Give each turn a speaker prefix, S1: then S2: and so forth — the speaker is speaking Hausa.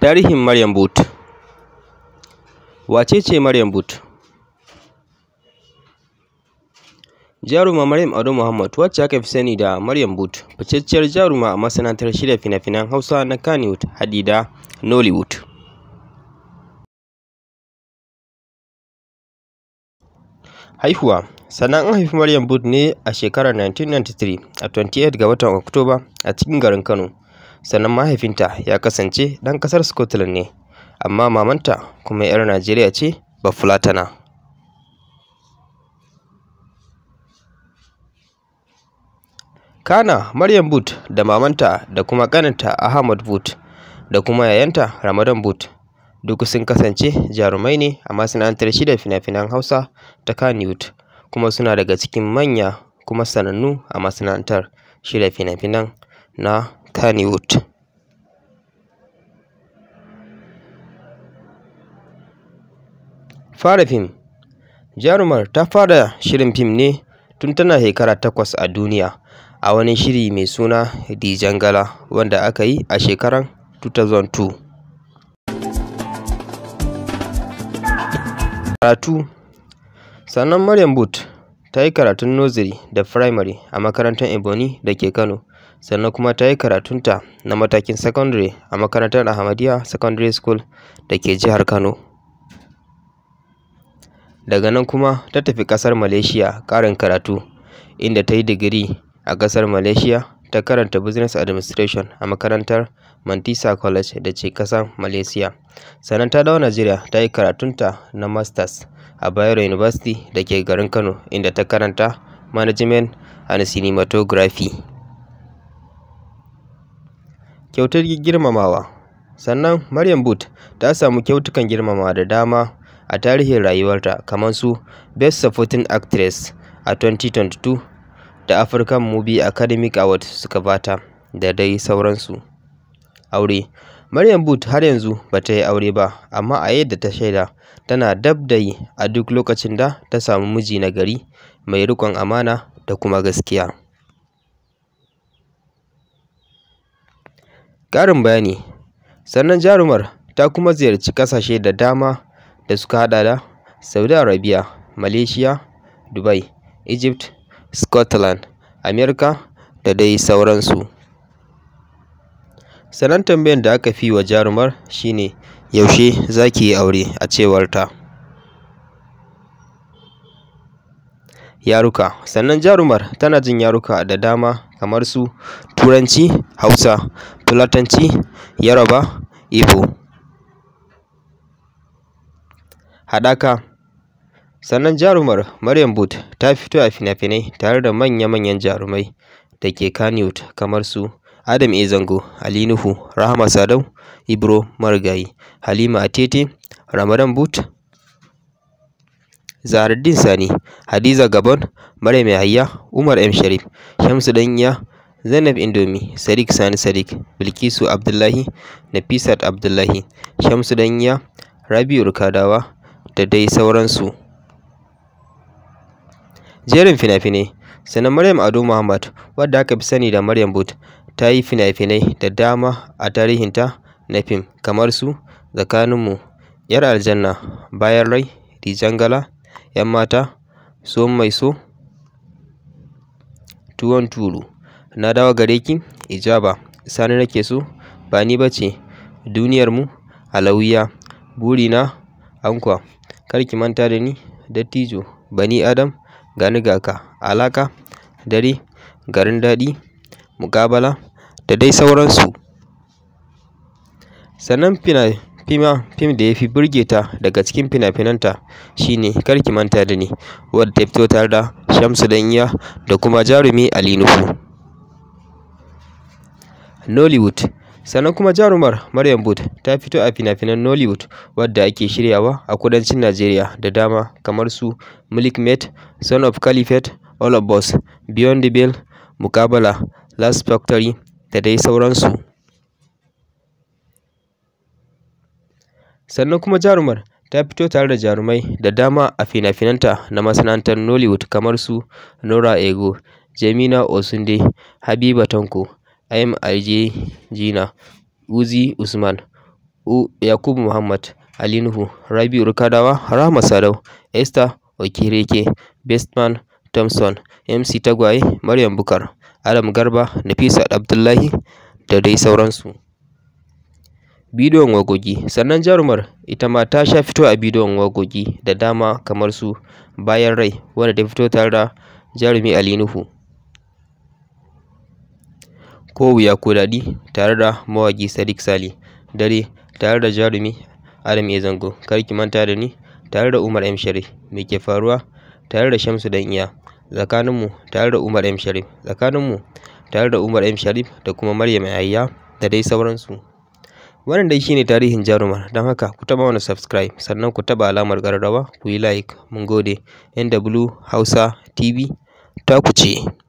S1: Tarihin Maryam Boot Wace ce Maryam Boot? Jaruma Maryam Ado Muhammad wacce aka fi sani da Maryam Boot, fitacciyar jaruma a masana'antar shirya fina-finan Hausa na Kannywood Hadida Nollywood. Haihuwa Sannan an haifi Maryam Boot ne a shekarar 1993 a 28 ga watan Oktoba a cikin garin Kano. sannan mahaifinta ya kasance ɗan ƙasar Scotland ne, amma mamanta kuma 'yar Najeriya ce Bafulatana. Kana Maryam Boot da mamanta da kuma ƙaninta Ahmad Boot da kuma yayanta Ramadan Boot duk sun kasance jarumai ne a masana'antar shida fina-finan Hausa ta Kanyut kuma suna daga cikin manya kuma sanannu a masana'antar shida fina-finan na Kannywood. Fara fim Jarumar ta fara shirin fim ne tun tana shekara takwas a duniya a wani shiri mai suna The wanda aka yi a shekarar 2002. Karatu Sannan Maryam Boat ta yi karatun Nursery da Firamare a makarantar Ebonyi da ke Kano. sannan kuma ta yi karatunta na matakin sakandare a makarantar Ahmadiyya Secondary School da ke jihar Kano. Daga nan kuma ta tafi ƙasar Malaysia karin karatu, inda ta yi digiri a ƙasar Malaysia ta karanta Business Administration a makarantar Mantisa College da ce kasar Malaysia. Sannan ta dawo Najeriya ta yi karatunta na Masters a Bayero University da ke garin Kano, inda ta karanta Management and Cinematography. kyautar girmamawa sannan maryam boot ta samu kyautukan girmamawa da dama a tarihin rayuwarta kamar su best supporting actress a 2022 da african movie academic award suka bata da dai sauransu aure maryam boot har yanzu ba ta yi aure ba amma a yadda ta shaida tana dab da yi a duk lokacin da ta samu miji na gari mai riƙon amana da kuma gaskiya Ƙarin bayani. Sannan jarumar ta kuma ziyarci ƙasashe da dama da suka haɗa da Saudi Arabia, Malaysia, Dubai, Egypt, Scotland, America da dai sauransu. Sanan tambayar da aka fi wa jarumar shine yaushe za ki yi aure a cewar ta. Yaruka. Sannan jarumar tana jin yaruka da dama kamar su Turanci, Hausa, Fulatanci, yaraba Igbo. Haɗaka Sannan jarumar Maryam But- ta fito a fina-finai tare da manya-manyan jarumai da ke Kaniut kamar su Adam ezango Zango, Ali Nuhu, Rahama Sadau, Ibro Marigayi, Halima Atete, Ramadan Boot, Zahraddeen Sani, Hadiza Gabon, Maryam Yahaya, Umar M. Sharif, Shamsu Danya, Zainab Indomi, Sadiq Sani Sadiq, Bilkisu Abdullahi, Nafisat Abdullahi, Shamsu Danya, Rabi'u Rukadawa da dai sauransu. Jerin fina-finai sanar Maryam Ado Muhammad, wadda aka fi sani da Maryam Boot, ta yi fina-finai da dama a tarihinta na fim kamar su Tsakaninmu, ‘Yar Aljanna, Bayan Rai, jangala, ‘Yan Mata, So Mai So, Tuwon Tulu. na dawo gare ki ijaba sani nake so ba ni bace ce duniyarmu alawiya na ankwa kar ki manta da ni dattijo bani adam gani gaka alaka dare garin daɗi mukabala da dai sauransu sannan fina fim da ya fi burge ta daga cikin fina-finanta shine kar ki manta da ni wadda ta fito tare da shamsu danya da kuma jarumi ali nufu. Nollywood. Sannan kuma jarumar Maryam Boone ta fito a fina-finan Nollywood wadda ake shiryawa a kudancin Najeriya da dama kamar su Milkmaid, Son of Caliphate, All of Us, Beyond the Veil, Muqabala, Last Factory da dai sauransu. Sannan kuma jarumar ta fito tare da jarumai da dama a fina-finanta na masana'antar Nollywood kamar su nora Ego, jemina Osunde, Habiba Tanko. IMIJ Jina, Uzi Usman, U Yakubu Muhammad, Ali Nuhu, Rabi'u Rukadawa, Rahma Sadau, Esther Okireke, Bestman Thompson, MC Tagwaye, Maryam Bukar, Adam Garba, nafisa Abdullahi da dai sauransu. Bidiyon wagogi sannan jarumar ita ma ta sha fito a bidiyon wagogi da dama kamar su bayan rai wanda ta fito tare da jarumi Ali Nuhu. Ko Wuya Ko Daɗi tare da mawaƙi Sadiq Saleh, Dare tare da jarumi Adam A. Zango, Kar Ki Manta da Ni tare da Umar M. Sharif, Me Ke Faruwa tare da Shamsu Dan Iya, Tsakaninmu tare da Umar M. Sharif, Tsakaninmu tare da Umar M. Sharif da kuma Maryam Ayya da dai sauransu. Wannan dai shine tarihin jarumar, don haka ku taɓa wani subscribe sannan ku taɓa alamar gararrawa ku yi like, mun gode. NW Hausa TV ta ku ce.